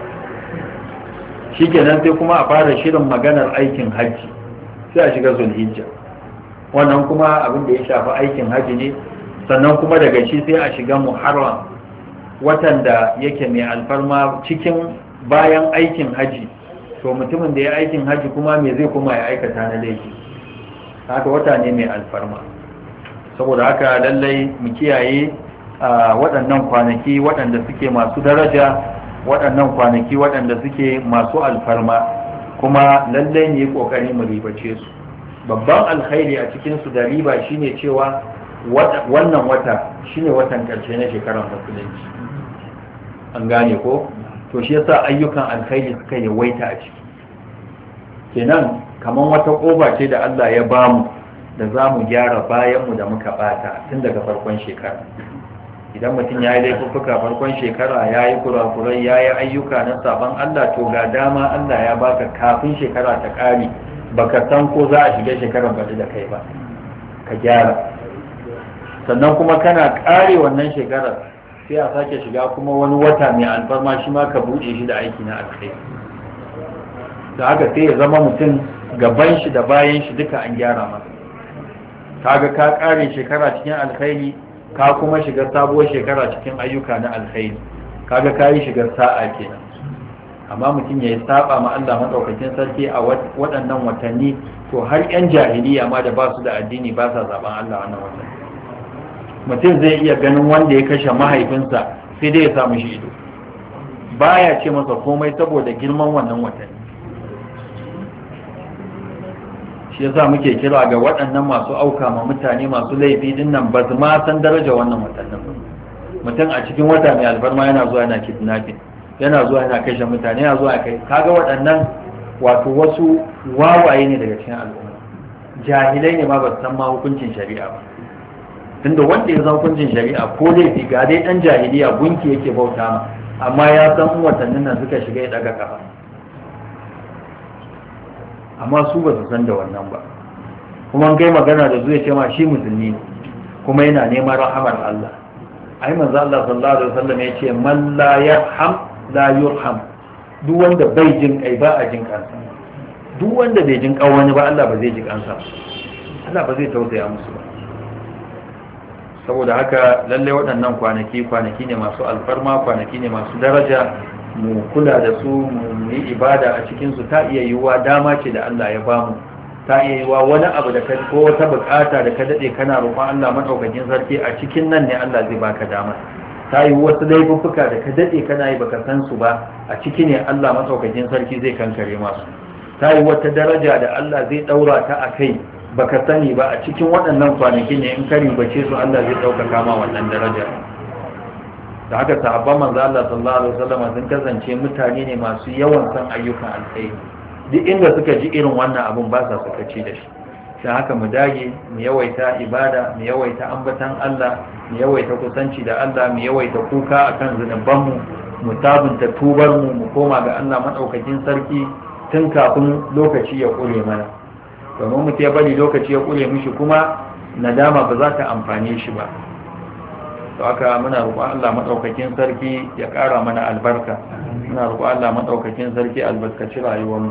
shi kenan sai kuma a fara shirin maganar aikin hajji sai a shiga zulhijja wannan kuma abin da ya shafi aikin hajji ne sannan kuma daga shi sai a shiga muharram watan da yake mai alfarma cikin bayan aikin haji to mutumin da ya aikin haji kuma me zai kuma ya aikata na laifi haka wata ne mai alfarma saboda haka lallai mu kiyaye waɗannan kwanaki waɗanda suke masu daraja waɗannan kwanaki waɗanda suke masu alfarma kuma lallai ne ƙoƙari mu ribace su babban alkhairi a cikin su da riba shine cewa wannan wata shine watan karshe na shekarar musulunci an gane ko to shi yasa ayyukan alkhairi suka yawaita a ciki kenan kamar wata koba ce da Allah ya bamu da za mu gyara mu da muka bata tun daga farkon shekara idan mutum ya yi laifuka farkon shekara ya yi kurakurai ya yi ayyuka na sabon allah to ga dama allah ya baka kafin shekara ta kare baka san ko za a shiga shekarar baɗi da kai ba ka gyara sannan kuma kana kare wannan shekarar sai a sake shiga kuma wani wata mai alfarma shi ma ka buɗe shi da aiki na alkhairi da haka sai ya zama mutum gaban shi da bayan shi duka an gyara masa kaga ka kare shekara cikin alkhairi ka kuma shiga sabuwar shekara cikin ayyuka na alkhairi kaga ka yi shigar sa'a kenan amma mutum ya yi saba ma Allah madaukakin sarki a waɗannan watanni to har 'yan jahiliya ma da ba su da addini ba sa zaben Allah wannan watanni mutum zai iya ganin wanda ya kashe mahaifinsa sai dai ya samu shi ido Ba ya ce masa komai saboda girman wannan watanni shi ya sa muke kira ga waɗannan masu auka ma mutane masu laifi din nan ba su ma san daraja wannan nan mutum a cikin wata mai alfarma yana zuwa yana kidnapping yana zuwa yana kashe mutane yana zuwa kai kaga waɗannan wato wasu wawaye ne daga cikin al'umma jahilai ne ma ba su san ma hukuncin shari'a ba tunda wanda ya zama kuncin shari'a ko laifi ga dai dan jahiliya gunki yake bauta ma amma ya san watannin nan suka shiga ya daga kafa amma su ba su san da wannan ba kuma kai magana da zuwa ce ma shi musulmi kuma yana neman rahamar Allah ai manzo Allah sallallahu alaihi wasallam ya ce man la yarham la yurham duk wanda bai jin kai ba a jin kansa duk wanda bai jin kawani ba Allah ba zai ji kansa Allah ba zai tausaya musu ba saboda haka lalle waɗannan kwanaki kwanaki ne masu alfarma kwanaki ne masu daraja mu kula da su mu yi ibada a cikinsu ta iya yiwuwa dama ce da Allah ya bamu ta iya yiwuwa wani abu da ka ko wata bukata da ka daɗe kana roƙon Allah madaukakin sarki a cikin nan ne Allah zai baka dama ta yi wasu laifuffuka da ka daɗe kana yi baka san su ba a ciki ne Allah madaukakin sarki zai kankare masu ta yi wata daraja da Allah zai ɗaura ta a kai baka sani ba a cikin waɗannan kwanaki ne in karin bace su Allah zai ɗaukaka ma wannan darajar da haka sahabban manzo Allah sallallahu alaihi wasallam sun kasance mutane ne masu yawan san ayyukan alkhairi duk inda suka ji irin wannan abun ba sa ci da shi da haka mu dage mu yawaita ibada mu yawaita ambatan Allah mu yawaita kusanci da Allah mu yawaita kuka akan zunubanmu mu tabunta tubar mu mu koma ga Allah madaukakin sarki tun kafin lokaci ya kure mana domin mutu ya bari lokaci ya kure mishi kuma nadama ba za ta amfane shi ba to aka muna roƙon Allah madaukakin sarki ya ƙara mana albarka muna roƙon Allah madaukakin sarki albarkaci rayuwarmu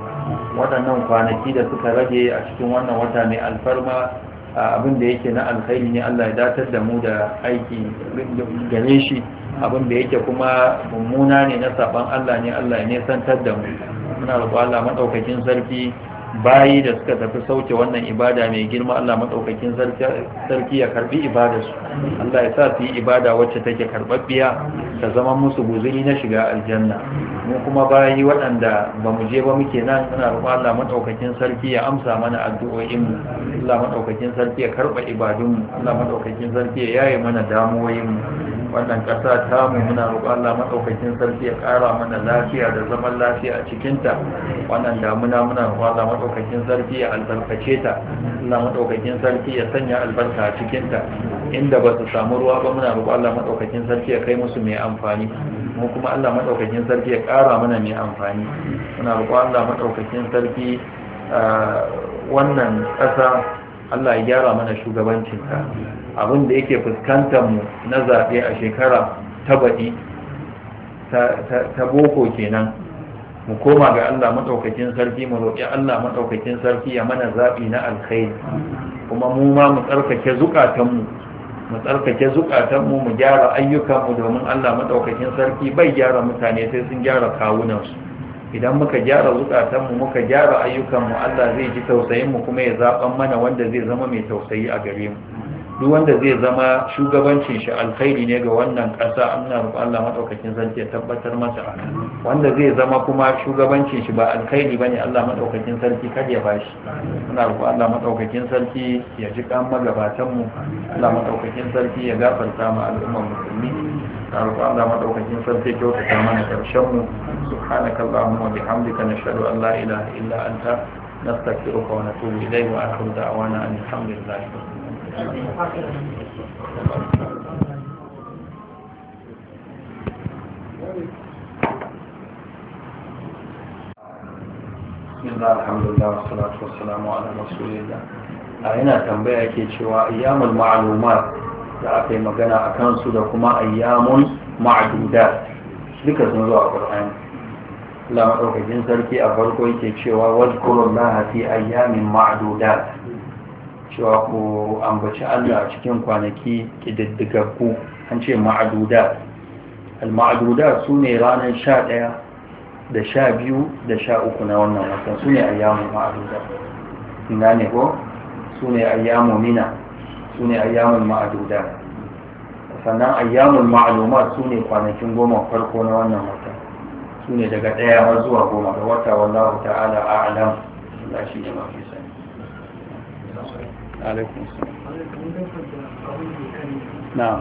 waɗannan kwanaki da suka rage a cikin wannan wata mai alfarma abin da yake na alkhairi ne Allah ya datar da mu da aiki gare shi abin da yake kuma mummuna ne na saban Allah ne Allah ya nesantar da mu muna roƙon Allah madaukakin sarki bayi da suka tafi sauke wannan ibada mai girma Allah madaukakin sarki ya karbi ibadarsu Allah ya sa su yi ibada wacce take karbabbiya ta zama musu guzuri na shiga aljanna mu kuma bayi waɗanda ba mu je ba muke nan suna roƙo Allah madaukakin sarki ya amsa mana addu'o'in mu Allah madaukakin sarki ya karɓa ibadun mu Allah madaukakin sarki ya yaye mana damuwoyin mu wannan ƙasa ta mu muna roƙo Allah madaukakin sarki ya ƙara mana lafiya da zaman lafiya a cikin ta wannan damuna muna roƙo Allah madaukakin sarki ya albarkace ta Allah madaukakin sarki ya sanya albarka a cikin ta inda ba su samu ruwa ba muna roƙo Allah madaukakin sarki ya kai musu mai amfani mu kuma Allah madaukakin sarki ya ƙara mana mai amfani muna roƙon Allah madaukakin sarki wannan ƙasa Allah ya gyara mana shugabancinta abin da yake fuskantar mu na zaɓe a shekara ta baɗi ta boko kenan mu koma ga Allah maɗaukakin sarki mu roƙi Allah maɗaukakin sarki ya mana zaɓi na alkhairi kuma mu ma mu tsarkake zukatanmu mu tsarkake zukatanmu mu gyara ayyukanmu domin Allah madaukakin sarki bai gyara mutane sai sun gyara kawunansu idan muka gyara zukatanmu muka gyara ayyukanmu Allah zai ji tausayin mu kuma ya zaɓan mana wanda zai zama mai tausayi a gare mu duk wanda zai zama shugabancin shi alkhairi ne ga wannan ƙasa amna roƙon Allah maɗaukakin sarki ya tabbatar masa wanda zai zama kuma shugabancin shi ba alkhairi bane Allah maɗaukakin sarki kada ya bashi muna roƙon Allah maɗaukakin sarki ya ji kan magabatan Allah maɗaukakin sarki ya gafarta ma al'ummar musulmi na roƙon Allah maɗaukakin sarki ya kyautata mana karshen mu subhanakallahumma bihamdika nashhadu an la ilaha illa anta نستغفرك ونتوب إليه وآخر دعوانا أن الحمد لله رب العالمين بسم الله الحمد لله والصلاة والسلام على رسول الله a yana tambaya ke cewa ayyamun ma'alumat da aka yi magana a kansu da kuma ayyamun ma'adudat duka sun zo a ƙar'ani lamar ɗaukakin sarki a farko yake cewa wadkurun laha fi ayyamin ma'adudat cewa ku ambaci Allah a cikin kwanaki ƙididdigaggu an ce ma'aduda al-ma'aduda su ne ranar sha da sha biyu da sha uku na wannan watan su ne ayyamu ma'aduda ina ne ko su ne ayyamu mina su ne ayyamun ma'aduda sannan ayyamun ma'aduma su ne kwanakin goma farko na wannan wata su ne daga ɗaya har zuwa goma ga wata wallahu ta'ala alam Allah shi ne mafi alaikun su na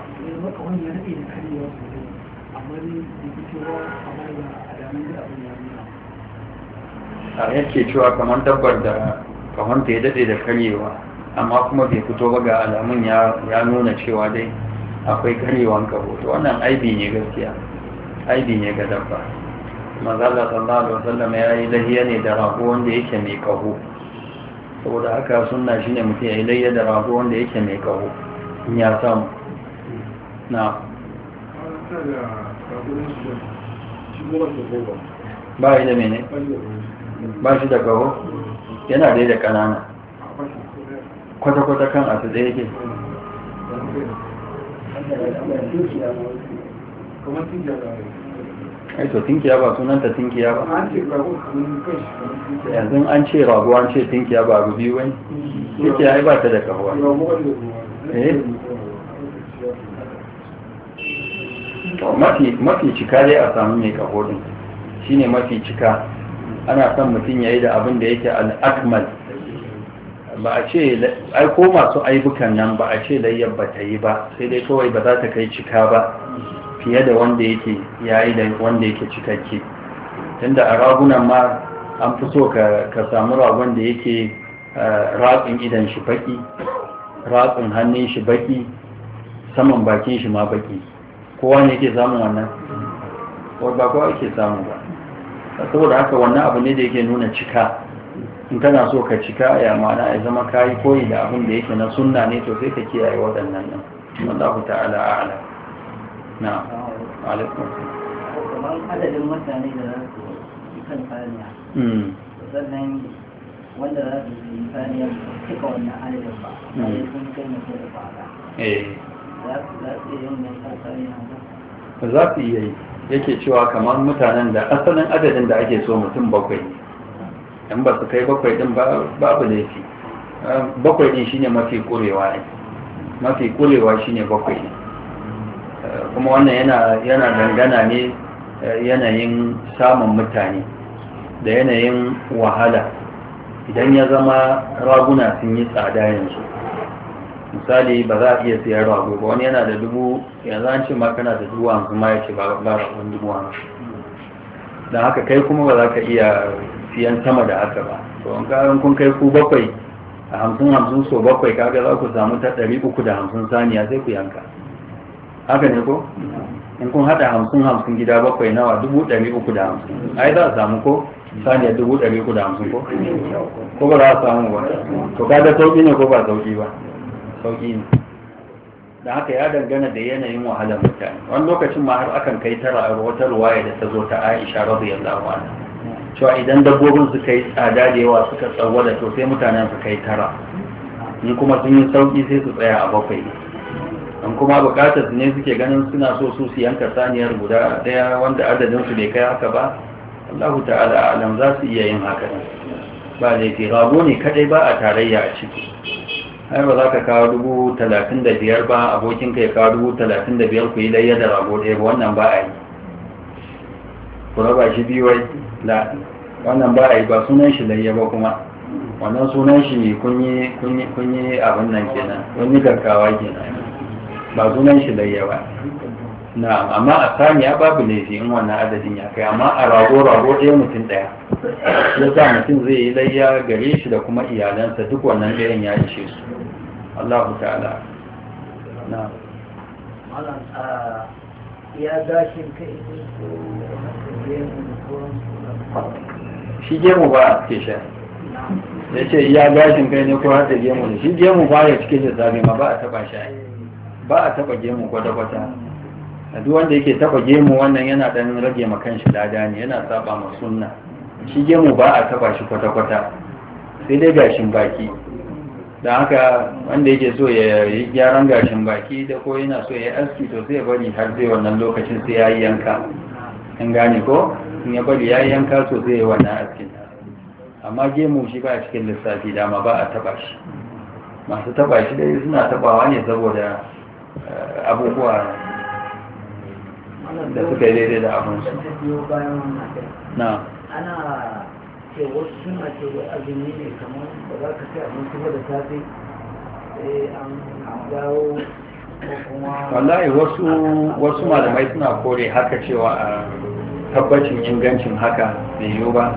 a yake cewa kamar dabbar da kamar ta ya daɗe da karyewa amma kuma bai fito ba ga alamun ya nuna cewa dai akwai karyewan hoto wannan aibi ne gaskiya aibi ne ga dabba mazala sallallahu alaihi wasallam ya yi lahiya ne da rago wanda yake mai kaho saboda haka shi ne mutum ya yi layya da rago wanda yake mai kawo in ya samu na ba shi da mene ba shi da kawo yana dai da kanana kwata-kwata kan asu tsaye yake kamar sun jara ai to tinkiya ba sunanta tinkiya ba yanzu an ce rago an ce tinkiya ba abu biyu wani tinkiya ai ba ta da kahuwa eh mafi cika dai a samu mai kaho din shine mafi cika ana son mutum ya yi da abin da yake al'akmal ba a ce ai ko masu aibukan nan ba a ce layyar ba ta yi ba sai dai kawai ba za ta kai cika ba fiye da wanda yake yayi da wanda yake cikakke tunda a ragunan ma an fi so ka samu ragon da yake eh, ratsin idan shi baki ratsin hannun shi baki saman bakin shi ma baki kowa ne yake samun wannan ba kowa yake samu ba saboda haka wannan abu ne da yake nuna cika in kana so ka cika ya mana ya zama kayi koyi da abin da yake na sunna ne to sai ka kiyaye waɗannan nan Allah ta'ala a'lam za su yi yake cewa kamar mutanen da asalin adadin da ake so mutum bakwai in ba su kai bakwai ɗin babu laifi bakwai ɗin shine mafi ƙurewa ne mafi shine bakwai ne kuma wannan yana dangana ne eh, yanayin samun mutane da yanayin wahala idan ya zama raguna sun yi tsada yanzu misali ba za a iya siyan rago ba wani yana da dubu yanzu an ce ma na da dubu hamsin ma ya ce ba ba ragon dubu hamsin don haka kai kuma ba za ka iya siyan sama da haka ba to in kayan kun kai ku bakwai a hamsin hamsin so bakwai kaga za ku samu ta ɗari uku da hamsin saniya sai ku yanka haka ne ko in kun hada hamsin hamsin gida bakwai nawa dubu ɗari uku da hamsin ai za a samu ko Sani a dubu ɗari uku da hamsin ko ko ba za a samu ba to kada sauƙi ne ko ba sauƙi ba sauki ne da haka ya dangana da yanayin wahalar mutane wani lokacin ma har akan kai tara a wata ruwaya da ta zo ta aisha ya anha cewa idan dabbobin suka yi tsada da yawa suka tsawo to sai mutanen su kai tara in kuma sun yi sauki sai su tsaya a bakwai in kuma bukatar ne suke ganin suna so su su yanka saniyar guda daya wanda adadinsu bai kai haka ba allahu ta'ala alam za su iya yin haka ba laifi rabu ne kadai ba a tarayya a ciki ai ba za ka kawo dubu talatin da biyar ba abokin ka ya kawo dubu talatin da biyar ku yi layya da rabu ɗaya ba wannan ba a yi ku raba shi biyu wai la wannan ba a yi ba sunan shi layya ba kuma wannan sunan shi ne kun yi abin nan kenan wani gaggawa kenan ba sunan shi da yawa na'am amma a ya babu laifi in wannan adadin ya kai amma a rago rago ɗaya mutum ɗaya ya sa mutum zai yi layya gare shi da kuma iyalansa duk wannan ɗayan ya ishe su Allah ta'ala ya gashin kai shi gemu ba a cike shi ya ce ya gashin kai ne ko hata gemu ne shi gemu ba ya cike shi zabe ma ba a taba shi ba a taba gemu kwata-kwata duk wanda yake taba gemu wannan yana dan rage ma kanshi lada ne yana saba ma sunna shi gemu ba a taba shi kwata-kwata sai dai gashin baki Dan haka wanda yake so ya yi gyaran gashin baki da ko yana so ya yi aski to sai ya bari har zai wannan lokacin sai ya yi yanka in gane ko in ya bari ya yi yanka to zai yi wannan askin amma gemu shi ba a cikin lissafi dama ba a taba shi masu taba shi dai suna tabawa ne saboda abubuwa da suka yi daidai da abinsu na ana wasu suna azumi ne kamar ba za ka ce da safe sai an dawo wallahi wasu malamai suna kore haka cewa a tabbacin ingancin haka mai yiwu ba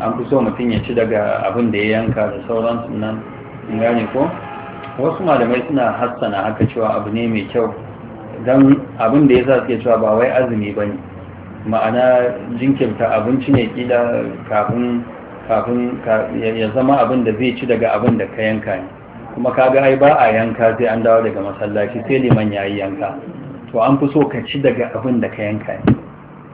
an fi so mutum ya ci daga abin da ya yanka da sauransu nan ko wasu malamai suna hassana haka cewa abu ne mai kyau don abin da ya sa suke cewa ba wai azumi ba ne ma'ana jinkirta abinci ne kila kafin ya zama abin da zai ci daga abin da ka yanka ne kuma kaga ai ba a yanka sai an dawo daga masallaci sai liman ya yi yanka to an fi so ka ci daga abin da ka yanka ne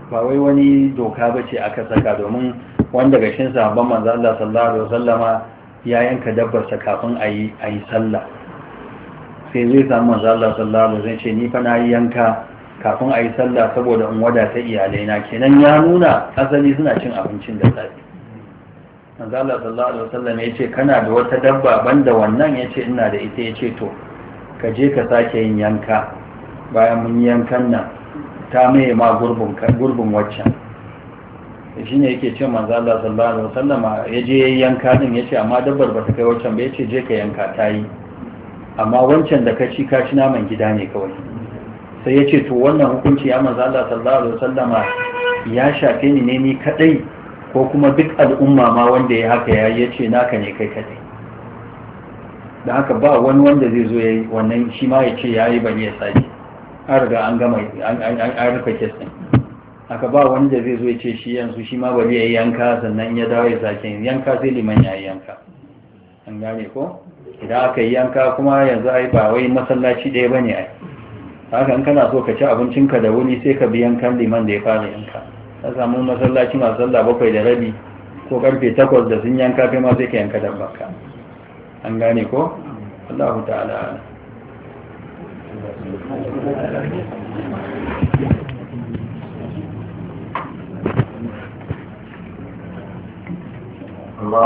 ba wai wani doka ba ce aka saka domin wanda gashin sahabban manzo Allah sallallahu alaihi wasallama ya yanka dabbarsa kafin a yi sallah sai zai samu manzo Allah sallallahu alaihi wasallam ce ni fa na yi yanka kafin a yi sallah saboda in wada ta iyalai na kenan ya nuna asali suna cin abincin da safe manzo Allah sallallahu alaihi wasallam ya kana da wata dabba banda wannan yace ina da ita yace to ka je ka sake yin yanka bayan mun yankan nan ta maye ma gurbin waccan shi ne yake ce manzo Allah sallallahu alaihi wasallama ya je yanka din yace amma dabbar ba ta kai wancan ba yace je ka yanka ta yi amma wancan da ka ci ka ci naman gida ne kawai sai yace to wannan hukunci ya manzo Allah sallallahu alaihi wasallama ya shafe ni ne ni kadai ko kuma duk al'umma ma wanda ya haka yayi yace naka ne kai kadai da haka ba wani wanda zai zo yayi wannan shi ma yace yayi bane ya sai an riga an gama an rufe kesin aka ba da zai zo ya ce shi yanzu shi ma bari ya yi yanka sannan ya dawo ya sake yanka sai liman ya yi yanka an gane ko idan aka yi yanka kuma yanzu ai ba wai masallaci ɗaya ba ne ai haka in kana so ka ci abincinka da wuri sai ka bi yankan liman da ya fara yanka ta samu masallaci masu sallah bakwai da rabi ko karfe takwas da sun yanka kai ma sai ka yanka baka. an gane ko Allahu ta'ala